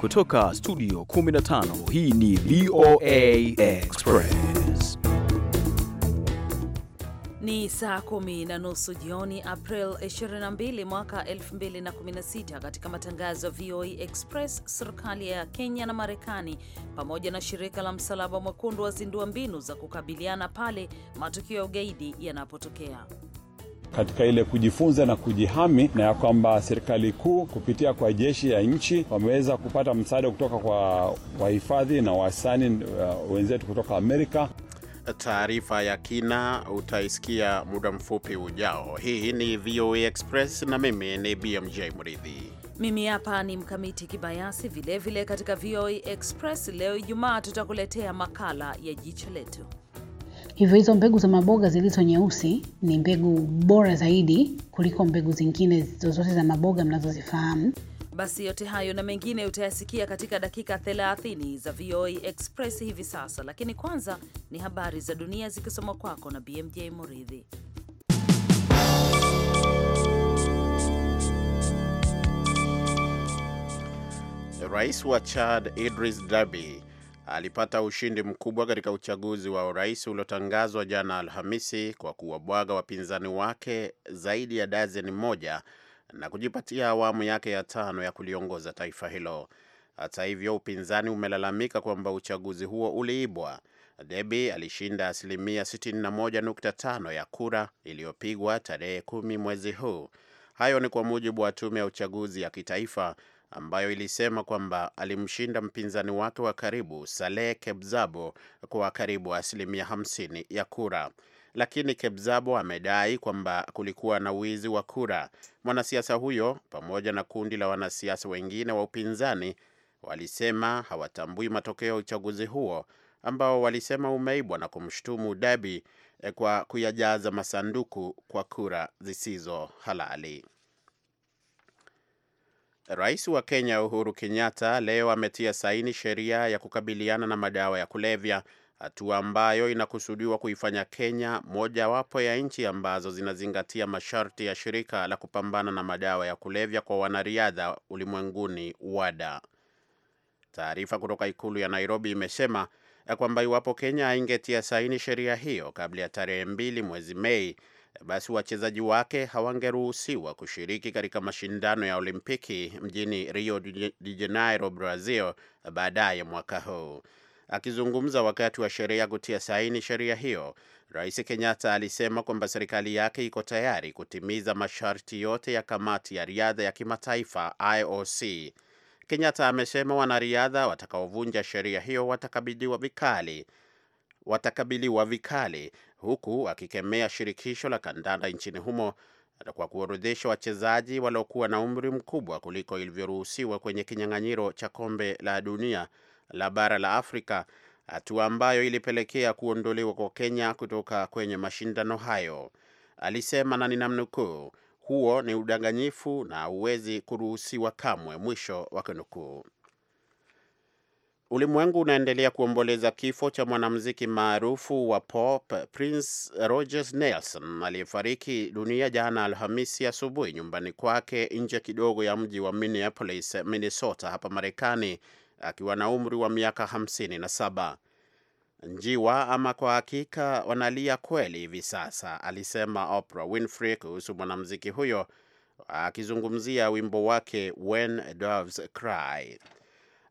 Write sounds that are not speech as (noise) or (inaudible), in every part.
Kutoka studio 15 hii ni VOA Express. Ni saa kumi na nusu jioni April 22 mwaka 2016. Katika matangazo ya VOA Express, serikali ya Kenya na Marekani pamoja na shirika la Msalaba Mwekundu wazindua mbinu za kukabiliana pale matukio ya ugaidi yanapotokea katika ile kujifunza na kujihami, na ya kwamba serikali kuu kupitia kwa jeshi ya nchi wameweza kupata msaada kutoka kwa wahifadhi na wasani uh, wenzetu kutoka Amerika. Taarifa ya kina utaisikia muda mfupi ujao. Hii ni VOA Express na mimi ni BMJ Mridhi. Mimi hapa ni Mkamiti Kibayasi. Vilevile katika VOA Express leo Ijumaa, tutakuletea makala ya jicho letu Hivyo hizo mbegu za maboga zilizo nyeusi ni mbegu bora zaidi kuliko mbegu zingine zozote za maboga mnazozifahamu. Basi yote hayo na mengine utayasikia katika dakika 30 za VOA Express hivi sasa, lakini kwanza ni habari za dunia zikisomwa kwako na BMJ Muridhi. Rais wa Chad Idris Dabi alipata ushindi mkubwa katika uchaguzi wa urais uliotangazwa jana Alhamisi kwa kuwabwaga wapinzani wake zaidi ya dazeni moja na kujipatia awamu yake ya tano ya kuliongoza taifa hilo. Hata hivyo, upinzani umelalamika kwamba uchaguzi huo uliibwa. debi alishinda asilimia 61.5 ya kura iliyopigwa tarehe kumi mwezi huu. Hayo ni kwa mujibu wa tume ya uchaguzi ya kitaifa ambayo ilisema kwamba alimshinda mpinzani wake wa karibu Saleh Kebzabo kwa karibu asilimia 50 ya kura, lakini Kebzabo amedai kwamba kulikuwa na wizi wa kura. Mwanasiasa huyo pamoja na kundi la wanasiasa wengine wa upinzani walisema hawatambui matokeo ya uchaguzi huo ambao walisema umeibwa na kumshutumu Dabi eh, kwa kuyajaza masanduku kwa kura zisizo halali. Rais wa Kenya Uhuru Kenyatta leo ametia saini sheria ya kukabiliana na madawa ya kulevya, hatua ambayo inakusudiwa kuifanya Kenya mojawapo ya nchi ambazo zinazingatia masharti ya shirika la kupambana na madawa ya kulevya kwa wanariadha ulimwenguni, WADA. Taarifa kutoka ikulu ya Nairobi imesema kwamba iwapo Kenya haingetia saini sheria hiyo kabla ya tarehe mbili mwezi Mei basi wachezaji wake hawangeruhusiwa kushiriki katika mashindano ya Olimpiki mjini Rio de Janeiro, Brazil, baadaye mwaka huu. Akizungumza wakati wa sheria kutia saini sheria hiyo, Rais Kenyatta alisema kwamba serikali yake iko tayari kutimiza masharti yote ya kamati ya riadha ya kimataifa IOC. Kenyatta amesema wanariadha watakaovunja sheria hiyo watakabidiwa vikali watakabiliwa vikali, huku akikemea shirikisho la kandanda nchini humo kwa kuorodhesha wachezaji waliokuwa na umri mkubwa kuliko ilivyoruhusiwa kwenye kinyang'anyiro cha kombe la dunia la bara la Afrika, hatua ambayo ilipelekea kuondolewa kwa Kenya kutoka kwenye mashindano hayo. Alisema na ninamnukuu, huo ni udanganyifu na huwezi kuruhusiwa kamwe, mwisho wa kunukuu. Ulimwengu unaendelea kuomboleza kifo cha mwanamuziki maarufu wa pop Prince Rogers Nelson aliyefariki dunia jana Alhamisi asubuhi nyumbani kwake nje kidogo ya mji wa Minneapolis, Minnesota hapa Marekani akiwa na umri wa miaka 57. Njiwa ama kwa hakika wanalia kweli hivi sasa, alisema Oprah Winfrey kuhusu mwanamuziki huyo akizungumzia wimbo wake When Doves Cry.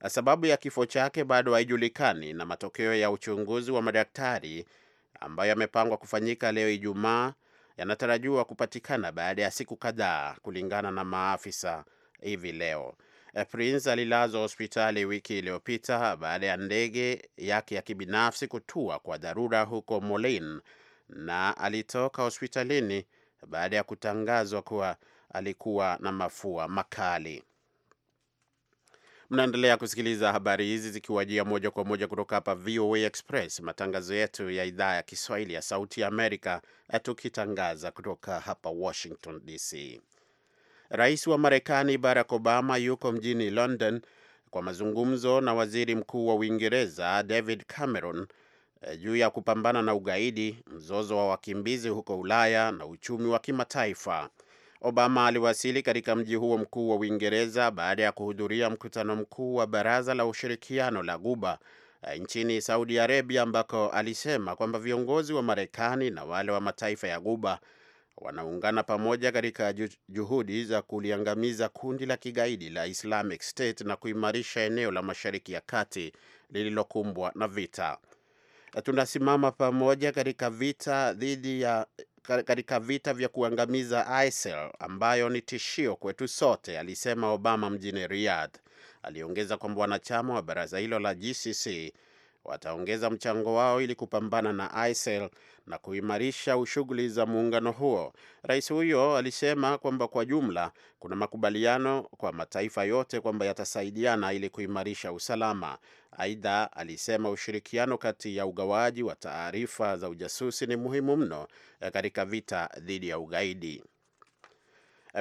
Sababu ya kifo chake bado haijulikani na matokeo ya uchunguzi wa madaktari ambayo yamepangwa kufanyika leo Ijumaa yanatarajiwa kupatikana baada ya siku kadhaa, kulingana na maafisa hivi leo. Prince alilazwa hospitali wiki iliyopita baada ya ndege yake ya kibinafsi kutua kwa dharura huko Moline, na alitoka hospitalini baada ya kutangazwa kuwa alikuwa na mafua makali. Mnaendelea kusikiliza habari hizi zikiwajia moja kwa moja kutoka hapa VOA Express, matangazo yetu ya idhaa ya Kiswahili ya Sauti ya Amerika, eh, tukitangaza kutoka hapa Washington DC. Rais wa Marekani Barack Obama yuko mjini London kwa mazungumzo na waziri mkuu wa Uingereza David Cameron eh, juu ya kupambana na ugaidi, mzozo wa wakimbizi huko Ulaya na uchumi wa kimataifa. Obama aliwasili katika mji huo mkuu wa Uingereza baada ya kuhudhuria mkutano mkuu wa Baraza la Ushirikiano la Guba eh, nchini Saudi Arabia, ambako alisema kwamba viongozi wa Marekani na wale wa mataifa ya Guba wanaungana pamoja katika juhudi za kuliangamiza kundi la kigaidi la Islamic State na kuimarisha eneo la Mashariki ya Kati lililokumbwa na vita. Tunasimama pamoja katika vita dhidi ya katika vita vya kuangamiza ISIL ambayo ni tishio kwetu sote, alisema Obama mjini Riyadh. Aliongeza kwamba wanachama wa baraza hilo la GCC wataongeza mchango wao ili kupambana na ISIL e na kuimarisha shughuli za muungano huo. Rais huyo alisema kwamba kwa jumla kuna makubaliano kwa mataifa yote kwamba yatasaidiana ili kuimarisha usalama. Aidha, alisema ushirikiano kati ya ugawaji wa taarifa za ujasusi ni muhimu mno eh, katika vita dhidi ya ugaidi.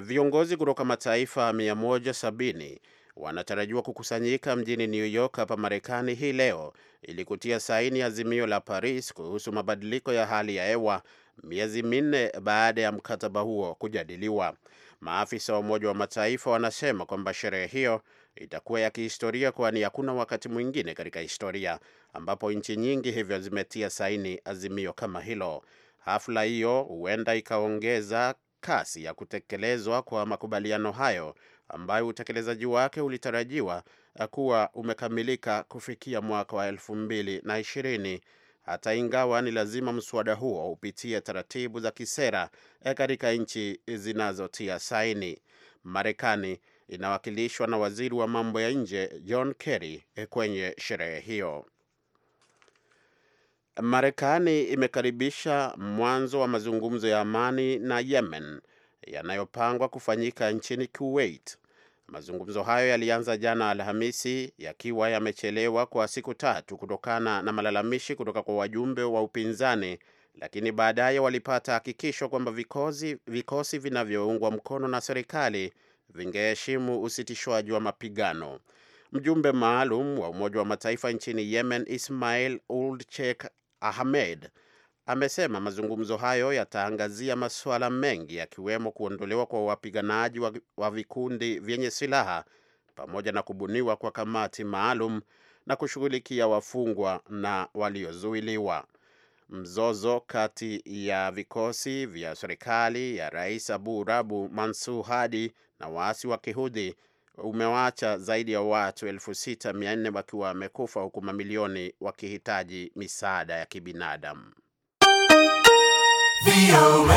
Viongozi kutoka mataifa 170 wanatarajiwa kukusanyika mjini New York hapa Marekani hii leo ili kutia saini azimio la Paris kuhusu mabadiliko ya hali ya hewa miezi minne baada ya mkataba huo kujadiliwa. Maafisa wa Umoja wa Mataifa wanasema kwamba sherehe hiyo itakuwa ya kihistoria, kwani hakuna wakati mwingine katika historia ambapo nchi nyingi hivyo zimetia saini azimio kama hilo. Hafla hiyo huenda ikaongeza kasi ya kutekelezwa kwa makubaliano hayo ambayo utekelezaji wake ulitarajiwa eh, kuwa umekamilika kufikia mwaka wa elfu mbili na ishirini hata ingawa ni lazima mswada huo upitie taratibu za kisera eh, katika nchi zinazotia saini. Marekani inawakilishwa na waziri wa mambo ya nje John Kerry eh, kwenye sherehe hiyo. Marekani imekaribisha mwanzo wa mazungumzo ya amani na Yemen yanayopangwa kufanyika nchini Kuwait. Mazungumzo hayo yalianza jana Alhamisi yakiwa yamechelewa kwa siku tatu kutokana na malalamishi kutoka kwa wajumbe wa upinzani, lakini baadaye walipata hakikisho kwamba vikosi, vikosi vinavyoungwa mkono na serikali vingeheshimu usitishwaji wa mapigano. Mjumbe maalum wa Umoja wa Mataifa nchini Yemen, Ismail Sheikh Ahmed amesema mazungumzo hayo yataangazia masuala mengi yakiwemo kuondolewa kwa wapiganaji wa, wa vikundi vyenye silaha pamoja na kubuniwa kwa kamati maalum na kushughulikia wafungwa na waliozuiliwa. Mzozo kati ya vikosi vya serikali ya Rais Abu Rabu mansu Hadi na waasi wa Kihudhi umewaacha zaidi ya watu 64 wakiwa wamekufa huku mamilioni wakihitaji misaada ya kibinadamu. VOA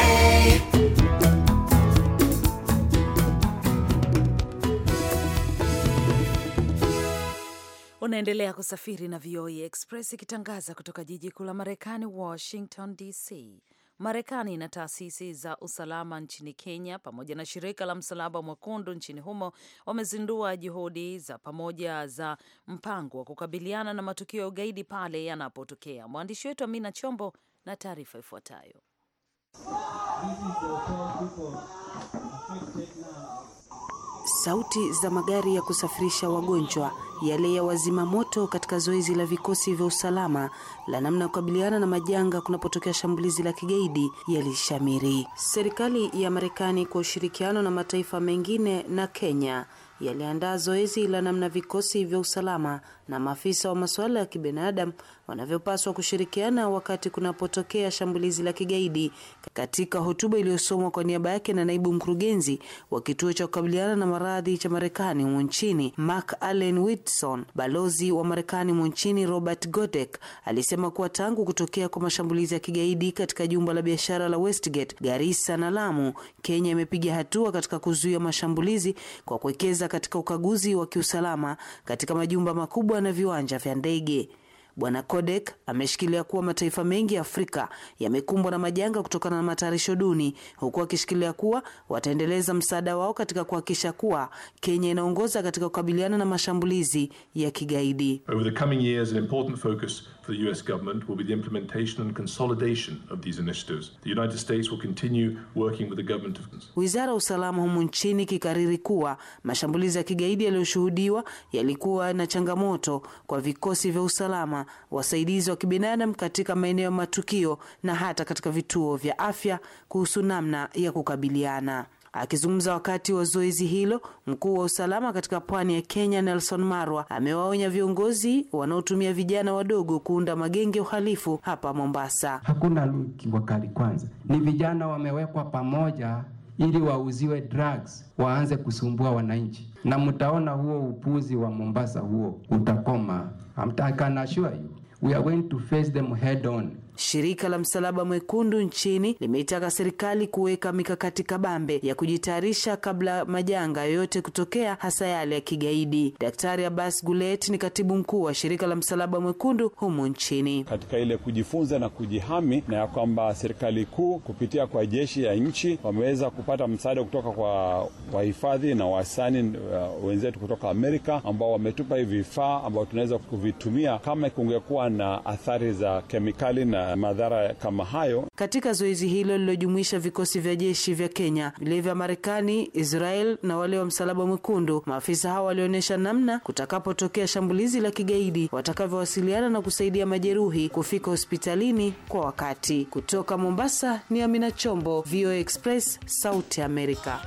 Unaendelea kusafiri na VOA e Express ikitangaza kutoka jiji kuu la Marekani, Washington DC. Marekani na taasisi za usalama nchini Kenya pamoja na shirika la Msalaba Mwekundu nchini humo wamezindua juhudi za pamoja za mpango wa kukabiliana na matukio ya ugaidi pale yanapotokea. Mwandishi wetu Amina Chombo na taarifa ifuatayo. Sauti za magari ya kusafirisha wagonjwa, yale ya wazima moto katika zoezi la vikosi vya usalama la namna ya kukabiliana na majanga kunapotokea shambulizi la kigaidi yalishamiri. Serikali ya Marekani kwa ushirikiano na mataifa mengine na Kenya yaliandaa zoezi la namna vikosi vya usalama na maafisa wa masuala ya kibinadamu wanavyopaswa kushirikiana wakati kunapotokea shambulizi la kigaidi. Katika hotuba iliyosomwa kwa niaba yake na naibu mkurugenzi wa kituo cha kukabiliana na maradhi cha Marekani humu nchini Mark Allen Whitson, balozi wa Marekani humu nchini Robert Godek alisema kuwa tangu kutokea kwa mashambulizi ya kigaidi katika jumba la biashara la Westgate, Garissa na Lamu, Kenya imepiga hatua katika kuzuia mashambulizi kwa kuwekeza katika ukaguzi wa kiusalama katika majumba makubwa na viwanja vya ndege. Bwana Kodek ameshikilia kuwa mataifa mengi ya Afrika yamekumbwa na majanga kutokana na matayarisho duni, huku akishikilia kuwa wataendeleza msaada wao katika kuhakikisha kuwa Kenya inaongoza katika kukabiliana na mashambulizi ya kigaidi. Over the coming years, an important focus for the US government will be the implementation and consolidation of these initiatives. The United States will continue working with the government of... Wizara ya usalama humu nchini ikikariri kuwa mashambulizi ya kigaidi yaliyoshuhudiwa yalikuwa na changamoto kwa vikosi vya usalama, wasaidizi wa kibinadamu katika maeneo ya matukio na hata katika vituo vya afya kuhusu namna ya kukabiliana. Akizungumza wakati wa zoezi hilo, mkuu wa usalama katika pwani ya Kenya Nelson Marwa amewaonya viongozi wanaotumia vijana wadogo kuunda magenge uhalifu hapa Mombasa. Hakuna luki wakali, kwanza ni vijana wamewekwa pamoja ili wauziwe drugs waanze kusumbua wananchi, na mtaona huo upuzi wa Mombasa huo utakoma. I can assure you we are going to face them head on. Shirika la Msalaba Mwekundu nchini limeitaka serikali kuweka mikakati kabambe ya kujitayarisha kabla majanga yoyote kutokea, hasa yale ya kigaidi. Daktari Abbas Gulet ni katibu mkuu wa shirika la Msalaba Mwekundu humu nchini. Katika ile kujifunza na kujihami, na ya kwamba serikali kuu kupitia kwa jeshi ya nchi wameweza kupata msaada kutoka kwa wahifadhi na wasani uh, wenzetu kutoka Amerika ambao wametupa hivi vifaa ambao tunaweza kuvitumia kama kungekuwa na athari za kemikali na madhara kama hayo. Katika zoezi hilo lilojumuisha vikosi vya jeshi vya Kenya, vile vya Marekani, Israel na wale wa Msalaba Mwekundu, maafisa hao walionyesha namna kutakapotokea shambulizi la kigaidi watakavyowasiliana na kusaidia majeruhi kufika hospitalini kwa wakati. Kutoka Mombasa ni Amina Chombo, VOA Express, Sauti Amerika.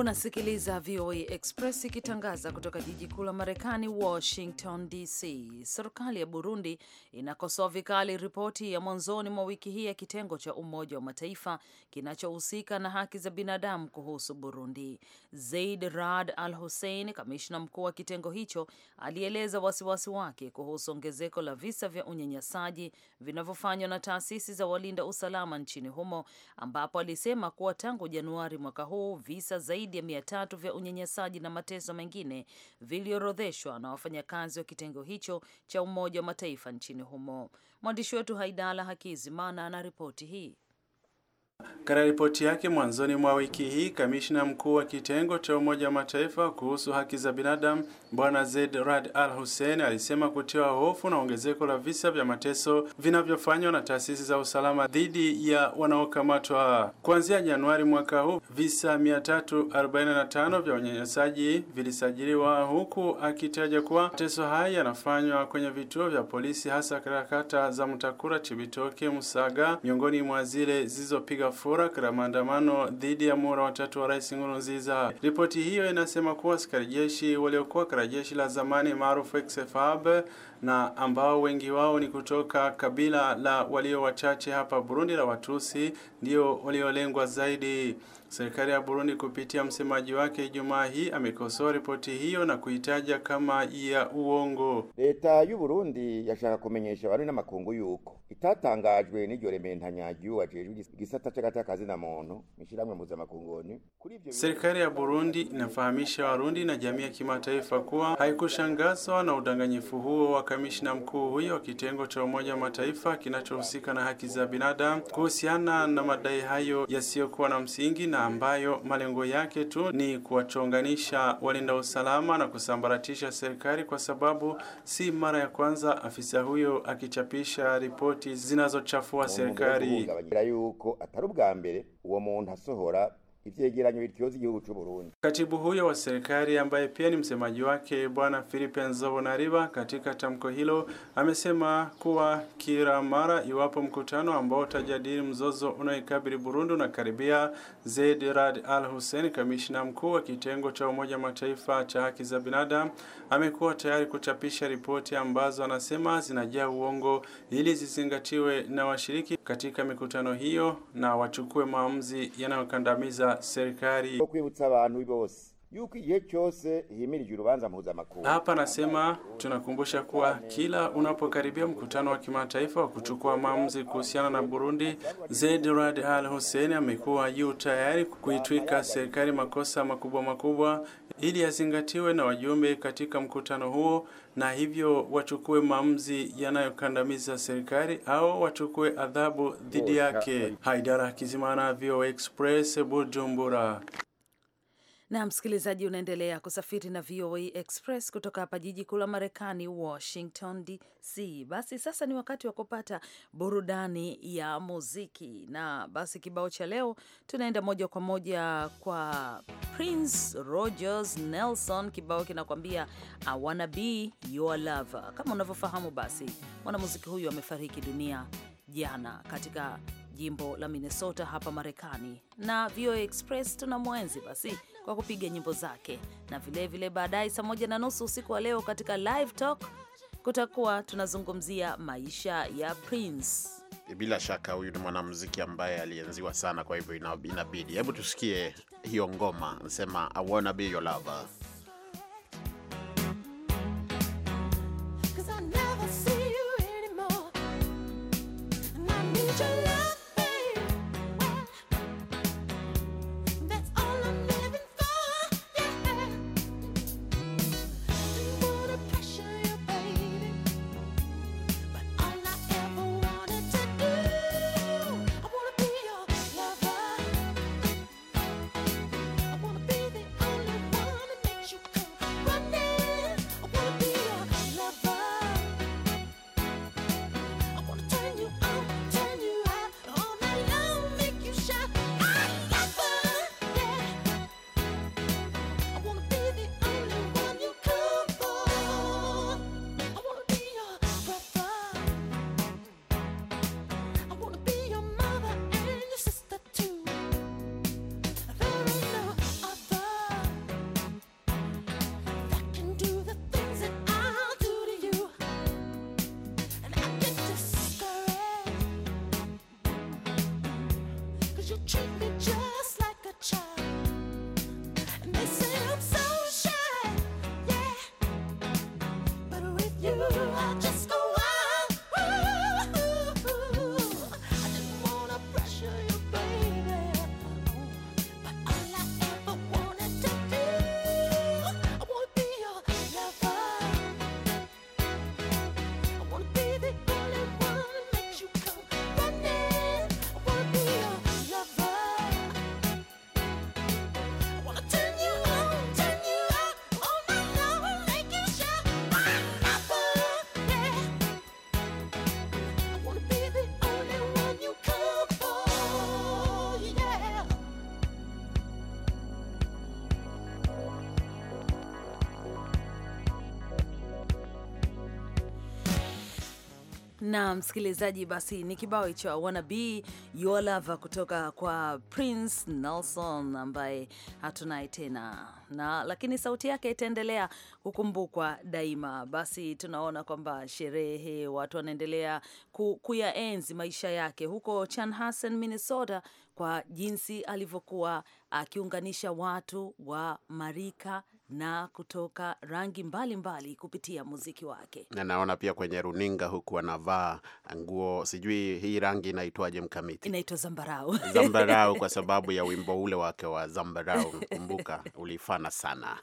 Unasikiliza VOA e Express ikitangaza kutoka jiji kuu la Marekani, Washington DC. Serikali ya Burundi inakosoa vikali ripoti ya mwanzoni mwa wiki hii ya kitengo cha Umoja wa Mataifa kinachohusika na haki za binadamu kuhusu Burundi. Zaid rad Al Hussein, kamishna mkuu wa kitengo hicho, alieleza wasiwasi wake kuhusu ongezeko la visa vya unyanyasaji vinavyofanywa na taasisi za walinda usalama nchini humo, ambapo alisema kuwa tangu Januari mwaka huu visa zaidi zaidi ya mia tatu vya unyanyasaji na mateso mengine viliorodheshwa na wafanyakazi wa kitengo hicho cha Umoja wa Mataifa nchini humo. Mwandishi wetu Haidala Hakizimana ana ripoti hii. Katika ripoti yake mwanzoni mwa wiki hii, kamishna mkuu wa kitengo cha Umoja wa Mataifa kuhusu haki za binadamu Bwana Zaid Rad Al Hussein alisema kutiwa hofu na ongezeko la visa vya mateso vinavyofanywa na taasisi za usalama dhidi ya wanaokamatwa. Kuanzia Januari mwaka huu, visa 345 vya unyanyasaji vilisajiliwa, huku akitaja kuwa mateso haya yanafanywa kwenye vituo vya polisi, hasa katika kata za Mtakura, Chibitoke, Musaga, miongoni mwa zile zilizopiga Darfur katika maandamano dhidi ya mura watatu wa Rais Nkurunziza. Ripoti hiyo inasema kuwa askari jeshi waliokuwa katika jeshi la zamani maarufu XFAB na ambao wengi wao ni kutoka kabila la walio wachache hapa Burundi la Watusi ndio waliolengwa zaidi. Serikali ya Burundi kupitia msemaji wake Ijumaa hii amekosoa ripoti hiyo na kuitaja kama ya uongo. Leta y'u Burundi yashaka kumenyesha abantu n'amakungu yuko itatangajwe n'iryo rementanya ry'uwajejwe igisata c'akatakazi na muntu mishirahamwe mpuzamakunguni. Serikali ya Burundi inafahamisha Warundi na jamii ya kimataifa kuwa haikushangazwa na udanganyifu huo wa kamishna mkuu huyo wa kitengo cha Umoja wa Mataifa kinachohusika na haki za binadamu kuhusiana na madai hayo yasiyokuwa na msingi na ambayo malengo yake tu ni kuwachonganisha walinda usalama na kusambaratisha serikali, kwa sababu si mara ya kwanza afisa huyo akichapisha ripoti zinazochafua serikali. yuko atari ubwa mbere uwo muntu asohora ivyegeranyo bityoza igihugu cyo Burundi. Katibu huyo wa serikali ambaye pia ni msemaji wake Bwana Philippe Nzobonariba, katika tamko hilo amesema kuwa kila mara iwapo mkutano ambao utajadili mzozo unaoikabili Burundi unakaribia, Zaid Rad Al Hussein, kamishna mkuu wa kitengo cha Umoja Mataifa cha haki za binadamu, amekuwa tayari kuchapisha ripoti ambazo anasema zinajaa uongo ili zizingatiwe na washiriki katika mikutano hiyo na wachukue maamuzi yanayokandamiza serikali. Hapa nasema tunakumbusha kuwa kila unapokaribia mkutano wa kimataifa wa kuchukua maamuzi kuhusiana na Burundi, Zaid Rad Al Hussein amekuwa yu tayari kuitwika serikali makosa makubwa makubwa ili yazingatiwe na wajumbe katika mkutano huo, na hivyo wachukue maamuzi yanayokandamiza serikali au wachukue adhabu dhidi oh, yake. Haidara Kizimana, VOA Express, Bujumbura. Na msikilizaji, unaendelea kusafiri na VOA Express kutoka hapa jiji kuu la Marekani, Washington DC. Basi sasa ni wakati wa kupata burudani ya muziki, na basi kibao cha leo tunaenda moja kwa moja kwa Prince Rogers Nelson. Kibao kinakwambia I wanna be your lover. Kama unavyofahamu, basi mwanamuziki huyu amefariki dunia jana katika jimbo la Minnesota hapa Marekani, na VOA Express tuna mwenzi basi kwa kupiga nyimbo zake, na vilevile baadaye saa moja na nusu usiku wa leo katika live talk kutakuwa tunazungumzia maisha ya Prince. E, bila shaka huyu ni mwanamuziki ambaye alienziwa sana, kwa hivyo inabidi, hebu tusikie hiyo ngoma, nasema I wanna be your lover. na msikilizaji, basi ni kibao hicho Wannabe Your Lover kutoka kwa Prince Nelson ambaye hatunaye tena na, lakini sauti yake itaendelea kukumbukwa daima. Basi tunaona kwamba sherehe, watu wanaendelea ku, kuyaenzi maisha yake huko Chanhassen, Minnesota, kwa jinsi alivyokuwa akiunganisha watu wa marika na kutoka rangi mbalimbali mbali kupitia muziki wake. Na naona pia kwenye runinga huku anavaa nguo, sijui hii rangi inaitwaje, mkamiti inaitwa zambarau. (laughs) Zambarau kwa sababu ya wimbo ule wake wa zambarau, kumbuka ulifana sana.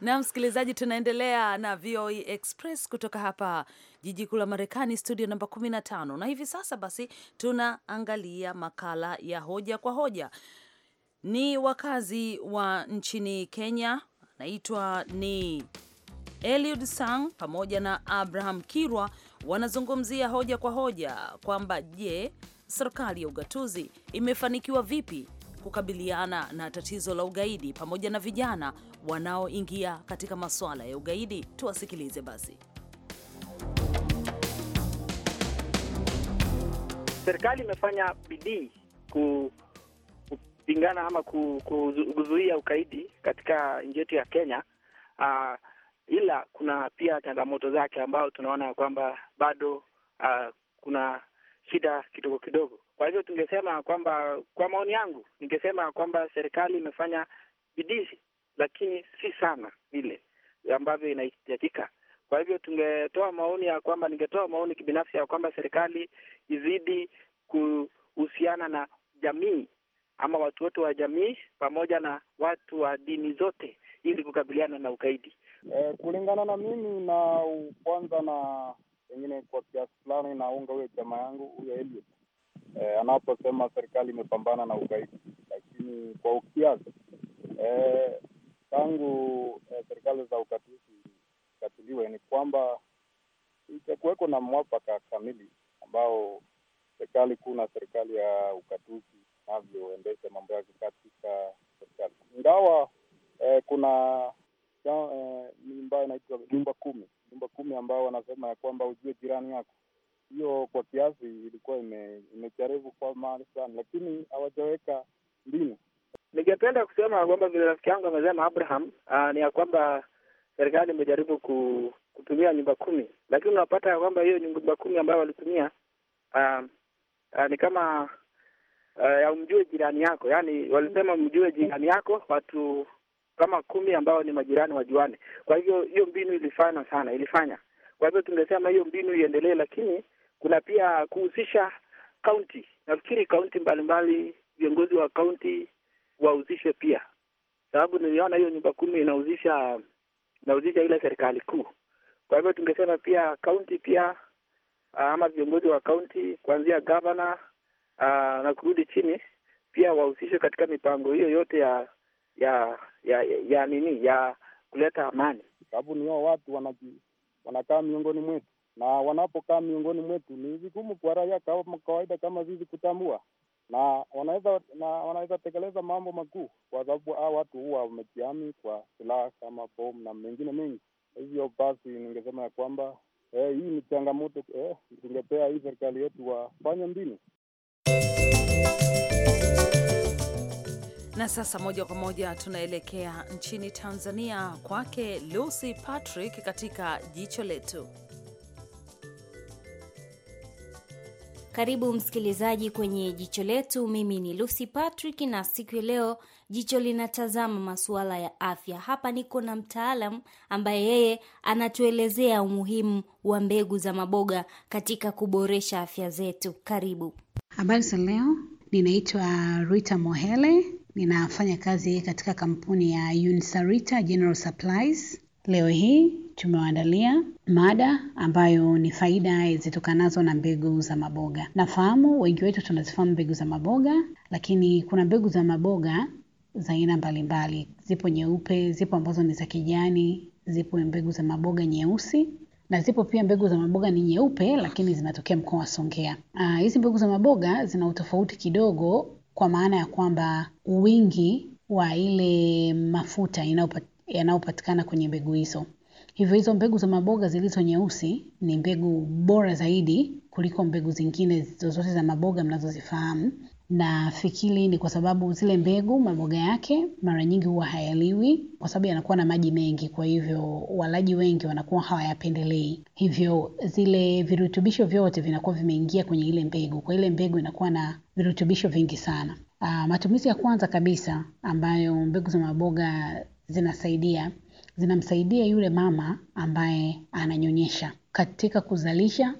Na msikilizaji, tunaendelea na VOA e Express kutoka hapa jiji kuu la Marekani, studio namba 15, na hivi sasa basi tunaangalia makala ya hoja kwa hoja. Ni wakazi wa nchini Kenya naitwa ni Eliud Sang pamoja na Abraham Kirwa wanazungumzia hoja kwa hoja kwamba je, serikali ya ugatuzi imefanikiwa vipi kukabiliana na tatizo la ugaidi pamoja na vijana wanaoingia katika masuala ya ugaidi. Tuwasikilize basi. Serikali imefanya bidii kupingana ama kuzuia ukaidi katika nchi yetu ya Kenya. Uh, ila kuna pia changamoto zake ambayo tunaona kwamba bado uh, kuna shida kidogo kidogo. Kwa hivyo tungesema kwamba, kwa maoni yangu, ningesema kwamba serikali imefanya bidii, lakini si sana vile ambavyo inahitajika. Kwa hivyo tungetoa maoni ya kwamba, ningetoa maoni kibinafsi ya kwamba serikali izidi kuhusiana na jamii ama watu wote wa jamii pamoja na watu wa dini zote ili kukabiliana na ugaidi. E, kulingana na mimi na kwanza na pengine kwa kiasi fulani naunga huyo jamaa yangu huyo Eliud e, anaposema serikali imepambana na ugaidi, lakini kwa ukiasi e, tangu e, serikali za ukatuzi katiliwe ni kwamba itakuweko na mwafaka kamili ambao serikali kuu na serikali ya ukatuzi anavyoendesha mambo yake katika serikali, ingawa eh, kuna eh, nyumba inaitwa nyumba kumi, nyumba kumi ambao wanasema ya kwamba ujue jirani yako. Hiyo kwa kiasi ilikuwa imejaribu ime kwa mahali sana, lakini hawajaweka mbinu. Ningependa kusema kwamba vile rafiki yangu amesema Abraham, aa, ah, ni ya kwamba serikali imejaribu ku, kutumia nyumba kumi, lakini unapata ya kwamba hiyo nyumba kumi ambayo walitumia aa, ah, aa, ah, ni kama uh, umjue jirani yako. Yani walisema mjue jirani yako, watu kama kumi ambao ni majirani wajuane. Kwa hivyo hiyo mbinu ilifanya sana, ilifanya. Kwa hivyo tungesema hiyo mbinu iendelee, lakini kuna pia kuhusisha kaunti. Nafikiri kaunti mbalimbali, viongozi wa kaunti wahusishe pia, sababu niliona hiyo nyumba kumi inahusisha inahusisha ile serikali kuu. Kwa hivyo tungesema pia kaunti pia ama viongozi wa kaunti kuanzia gavana uh, na kurudi chini, pia wahusishwe katika mipango hiyo yote ya ya ya, ya, ya nini ya kuleta amani, sababu ni wao watu wanaji, wanakaa miongoni mwetu, na wanapokaa miongoni mwetu ni vigumu kwa raia kama kawaida kama sisi kutambua, na wanaweza na wanaweza tekeleza mambo makuu, kwa sababu hao watu huwa wamejiami kwa silaha kama bomu na mengine mengi. Hivyo basi ningesema ya kwamba eh, hii ni changamoto eh, tungepea hii serikali yetu wafanye mbinu na sasa moja kwa moja tunaelekea nchini Tanzania kwake Lucy Patrick katika jicho letu. Karibu msikilizaji kwenye jicho letu. Mimi ni Lucy Patrick na siku ya leo jicho linatazama masuala ya afya. Hapa niko na mtaalam ambaye yeye anatuelezea umuhimu wa mbegu za maboga katika kuboresha afya zetu. Karibu. Habari za leo. Ninaitwa Rita Mohele, ninafanya kazi katika kampuni ya Unisarita General Supplies. Leo hii tumewaandalia mada ambayo ni faida zitokanazo na mbegu za maboga. Nafahamu wengi wetu tunazifahamu mbegu za maboga, lakini kuna mbegu za maboga za aina mbalimbali. Zipo nyeupe, zipo ambazo ni za kijani, zipo mbegu za maboga nyeusi na zipo pia mbegu za maboga ni nyeupe lakini zinatokea mkoa wa Songea. Ah, hizi mbegu za maboga zina utofauti kidogo kwa maana ya kwamba wingi wa ile mafuta yanayopatikana kwenye mbegu hizo. Hivyo hizo mbegu za maboga zilizo nyeusi ni mbegu bora zaidi kuliko mbegu zingine zozote za maboga mnazozifahamu fikiri ni kwa sababu zile mbegu, maboga yake mara nyingi huwa hayaliwi kwa sababu yanakuwa na maji mengi, kwa hivyo walaji wengi wanakuwa hawayapendelei. Hivyo zile virutubisho vyote vinakuwa vimeingia kwenye ile mbegu, kwa ile mbegu inakuwa na virutubisho vingi sana. Uh, matumizi ya kwanza kabisa ambayo mbegu za maboga zinasaidia, zinamsaidia yule mama ambaye ananyonyesha katika kuzalisha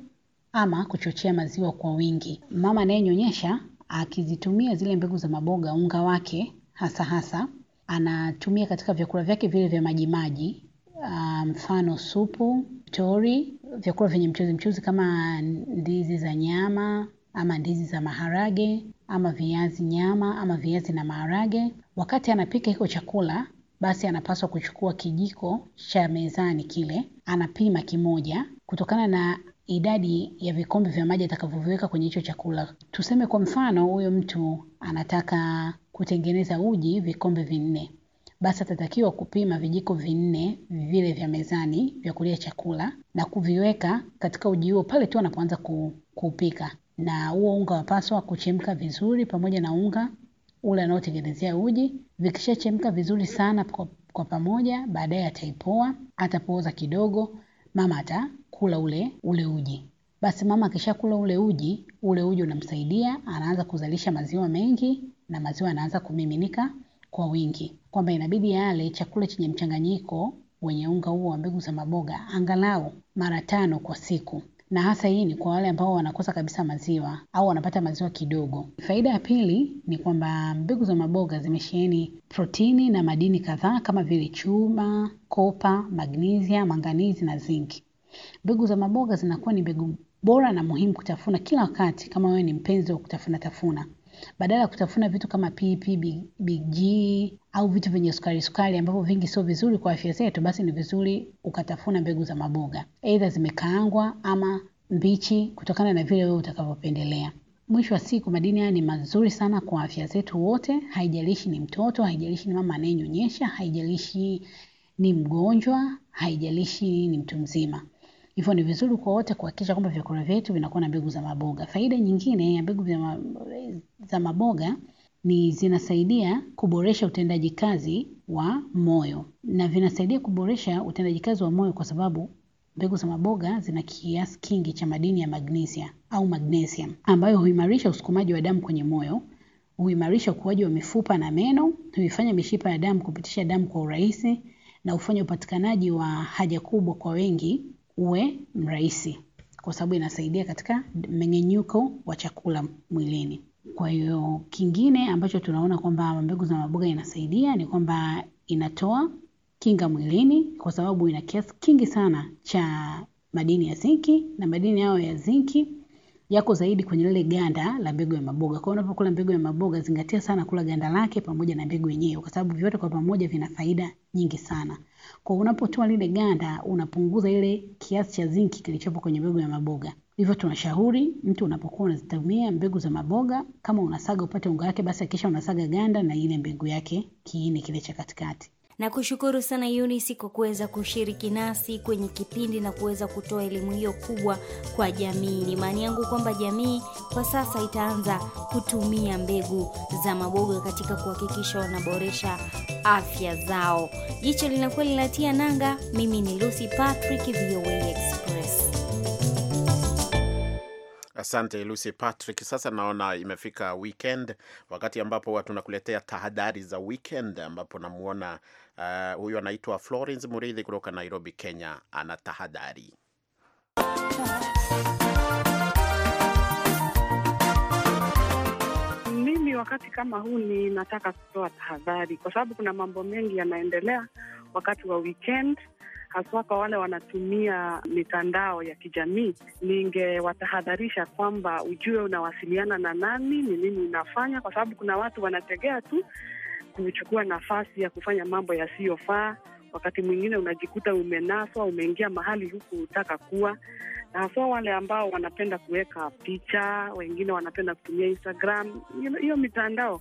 ama kuchochea maziwa kwa wingi. Mama anayenyonyesha akizitumia zile mbegu za maboga, unga wake hasa hasa anatumia katika vyakula vyake vile vya majimaji, ah, mfano um, supu, tori, vyakula vyenye mchuzi mchuzi kama ndizi za nyama ama ndizi za maharage ama viazi nyama ama viazi na maharage. Wakati anapika hiko chakula, basi anapaswa kuchukua kijiko cha mezani kile, anapima kimoja kutokana na idadi ya vikombe vya maji atakavyoviweka kwenye hicho chakula. Tuseme kwa mfano, huyo mtu anataka kutengeneza uji vikombe vinne, basi atatakiwa kupima vijiko vinne vile vya mezani vya kulia chakula na kuviweka katika uji huo pale tu anapoanza kupika, na huo unga wapaswa kuchemka vizuri pamoja na unga ule anaotengenezea uji. Vikishachemka vizuri sana kwa, kwa pamoja, baadaye ataipoa, atapooza kidogo mama atakula ule ule uji basi mama akishakula ule uji ule uji unamsaidia anaanza kuzalisha maziwa mengi na maziwa yanaanza kumiminika kwa wingi kwamba inabidi yale chakula chenye mchanganyiko wenye unga huo wa mbegu za maboga angalau mara tano kwa siku na hasa hii ni kwa wale ambao wanakosa kabisa maziwa au wanapata maziwa kidogo. Faida ya pili ni kwamba mbegu za maboga zimesheheni protini na madini kadhaa kama vile chuma, kopa, magnesia, manganizi na zinki. Mbegu za maboga zinakuwa ni mbegu bora na muhimu kutafuna kila wakati kama wewe ni mpenzi wa kutafuna tafuna badala ya kutafuna vitu kama pipi, bg au vitu vyenye sukari sukari ambavyo vingi sio vizuri kwa afya zetu, basi ni vizuri ukatafuna mbegu za maboga, eidha zimekaangwa ama mbichi, kutokana na vile wewe utakavyopendelea. Mwisho wa siku madini haya ni mazuri sana kwa afya zetu wote, haijalishi ni mtoto, haijalishi ni mama anayenyonyesha, haijalishi ni mgonjwa, haijalishi ni mtu mzima. Hivyo ni vizuri kwa wote kuhakikisha kwamba vyakula vyetu vinakuwa na mbegu za maboga. Faida nyingine ya mbegu za maboga ni zinasaidia kuboresha utendaji kazi wa moyo na vinasaidia kuboresha utendaji kazi wa moyo kwa sababu mbegu za maboga zina kiasi kingi cha madini ya magnesia au magnesium ambayo huimarisha usukumaji wa damu kwenye moyo, huimarisha ukuaji wa mifupa na meno, huifanya mishipa ya damu kupitisha damu kwa urahisi na hufanya upatikanaji wa haja kubwa kwa wengi uwe mrahisi kwa sababu inasaidia katika mmeng'enyuko wa chakula mwilini. Kwa hiyo kingine ambacho tunaona kwamba mbegu za maboga inasaidia ni kwamba inatoa kinga mwilini kwa sababu ina kiasi kingi sana cha madini ya zinki na madini hayo ya zinki yako zaidi kwenye lile ganda la mbegu ya maboga. Kwa hiyo unapokula mbegu ya maboga zingatia sana kula ganda lake pamoja na mbegu yenyewe kwa sababu vyote kwa pamoja vina faida nyingi sana. Kwa unapotoa lile ganda unapunguza ile kiasi cha zinki kilichopo kwenye mbegu ya maboga. Hivyo tunashauri mtu unapokuwa unazitumia mbegu za maboga, kama unasaga upate unga wake, basi hakikisha unasaga ganda na ile mbegu yake kiini kile cha katikati. Nakushukuru sana Eunice kwa kuweza kushiriki nasi kwenye kipindi na kuweza kutoa elimu hiyo kubwa kwa jamii. Ni imani yangu kwamba jamii kwa sasa itaanza kutumia mbegu za maboga katika kuhakikisha wanaboresha afya zao. Jicho linakuwa linatia nanga. Mimi ni Lucy Patrick, VOA Express. Asante Lucy Patrick. Sasa naona imefika weekend, wakati ambapo huwa tunakuletea tahadhari za weekend, ambapo namwona uh, huyu anaitwa Florence Muridhi kutoka Nairobi, Kenya, ana tahadhari wakati kama huu ninataka kutoa tahadhari, kwa sababu kuna mambo mengi yanaendelea wakati wa weekend haswa kwa wale wanatumia mitandao ya kijamii, ningewatahadharisha kwamba ujue unawasiliana na nani, ni nini unafanya, kwa sababu kuna watu wanategea tu kuchukua nafasi ya kufanya mambo yasiyofaa. Wakati mwingine unajikuta umenaswa, umeingia mahali huku utaka kuwa, na haswa wale ambao wanapenda kuweka picha, wengine wanapenda kutumia Instagram, hiyo mitandao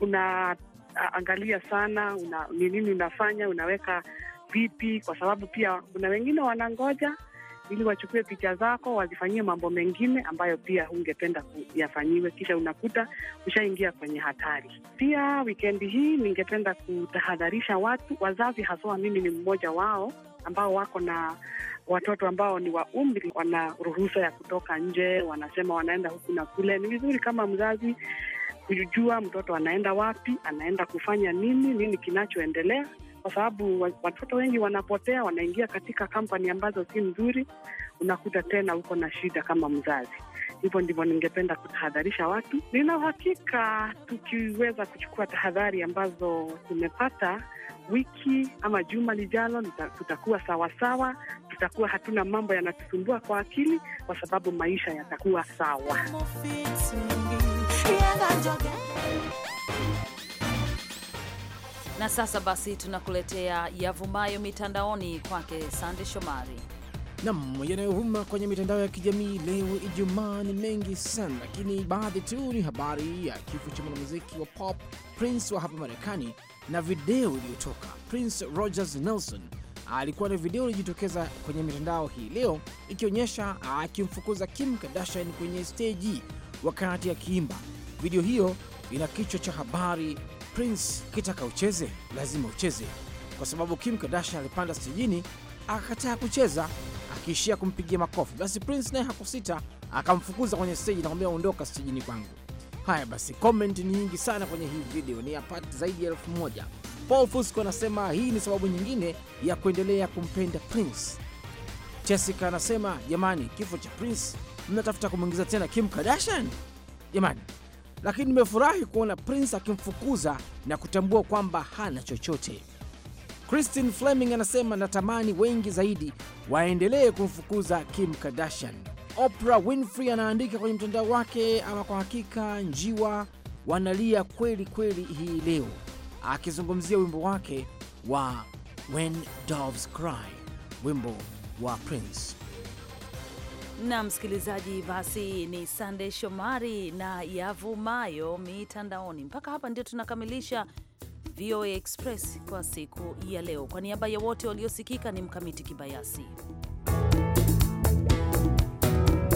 unaangalia sana, ni nini unafanya, unaweka vipi, kwa sababu pia kuna wengine wanangoja ili wachukue picha zako wazifanyie mambo mengine ambayo pia ungependa yafanyiwe, kisha unakuta ushaingia kwenye hatari. Pia wikendi hii ningependa kutahadharisha watu, wazazi haswa, mimi ni mmoja wao, ambao wako na watoto ambao ni wa umri wana ruhusa ya kutoka nje, wanasema wanaenda huku na kule. Ni vizuri kama mzazi kujua mtoto anaenda wapi, anaenda kufanya nini, nini kinachoendelea, kwa sababu watoto wengi wanapotea, wanaingia katika kampani ambazo si nzuri, unakuta tena uko na shida kama mzazi. Hivyo ndivyo ningependa kutahadharisha watu. Nina uhakika tukiweza kuchukua tahadhari ambazo tumepata wiki ama juma lijalo tutakuwa sawasawa, tutakuwa hatuna mambo yanatusumbua kwa akili, kwa sababu maisha yatakuwa sawa. Na sasa basi tunakuletea yavumayo mitandaoni kwake Sande Shomari. Nam, yanayovuma kwenye mitandao ya kijamii leo Ijumaa ni mengi sana, lakini baadhi tu ni habari ya kifo cha mwanamuziki wa pop Prince wa hapa Marekani na video iliyotoka. Prince Rogers Nelson alikuwa na video iliyojitokeza kwenye mitandao hii leo ikionyesha akimfukuza Kim Kardashian kwenye steji wakati akiimba. Video hiyo ina kichwa cha habari Prince kitaka ucheze, lazima ucheze, kwa sababu Kim Kardashian alipanda stejini akakataa kucheza, akiishia kumpigia makofi. Basi Prince naye hakusita, akamfukuza kwenye steji na kumwambia ondoka stejini kwangu. Haya basi, comment ni nyingi sana kwenye hii video, ni apart zaidi ya elfu moja. Paul Fusco anasema hii ni sababu nyingine ya kuendelea kumpenda Prince. Jessica anasema jamani, kifo cha Prince mnatafuta kumwingiza tena Kim Kardashian? Jamani, lakini nimefurahi kuona Prince akimfukuza na kutambua kwamba hana chochote. Christine Fleming anasema natamani wengi zaidi waendelee kumfukuza Kim Kardashian. Oprah Winfrey anaandika kwenye mtandao wake, ama kwa hakika njiwa wanalia kweli kweli hii leo, akizungumzia wimbo wake wa When Doves Cry, wimbo wa Prince na msikilizaji, basi ni Sande Shomari na yavumayo mitandaoni. Mpaka hapa ndio tunakamilisha VOA Express kwa siku ya leo. Kwa niaba ya wote waliosikika, ni Mkamiti Kibayasi.